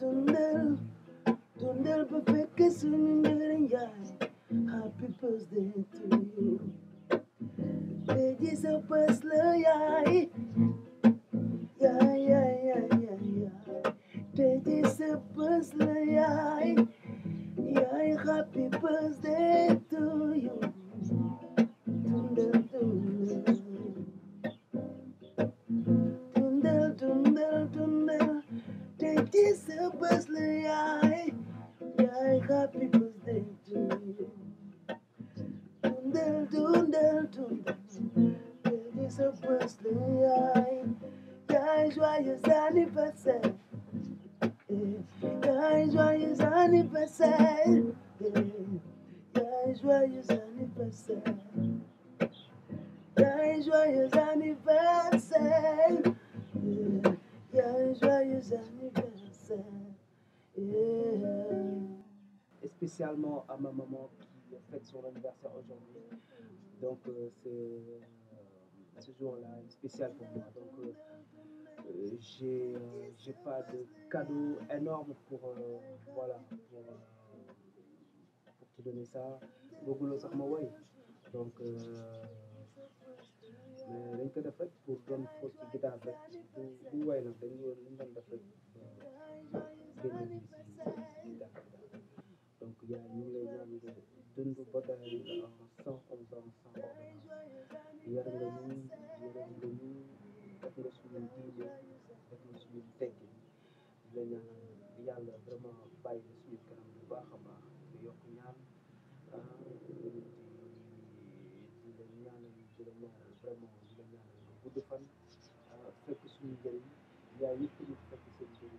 dundal dundal ba fekk suñu njëriñ yaay happy birthday to you léegi sa bés la yaay yaay yaay yaay yaay léegi sa la yaay yaay happy birthday birthday, I, yeah, happy birthday to you. Dundel, dundel, dundel, feliz a birthday, I, yeah, joyeux anniversaire. Eh, yeah, joyeux anniversaire. Eh, yeah, joyeux anniversaire. Yeah, joyeux anniversaire. Eh, yeah, joyeux anniversaire. Et spécialement à ma maman qui fête son anniversaire aujourd'hui. Donc euh, c'est euh, ce jour-là spécial pour moi. Donc euh, euh j'ai euh, j'ai pas de cadeau énorme pour euh, voilà pour, pour te donner ça. Bogulo Sakmaway. Donc ko def rek pour doon fos ci guitare rek bu bu way nag dañu woon lu ñu doon def rek génn euh, ci ci gàttal donc yaa ñu ngi lay ñaan nga dund ba dara sans homme sans homme yar nga ñu yaram nga ñu def nga suñu diine def nga suñu tekki di la ñaanal yàlla vraiment bàyyi la suñu kanam bu baax a baax yokk ñaan ah, di la ñaanal vraiment di la ñaanal bu gudd fan ah, fekk suñu njëriñ yaa yëpp ñu fekk seen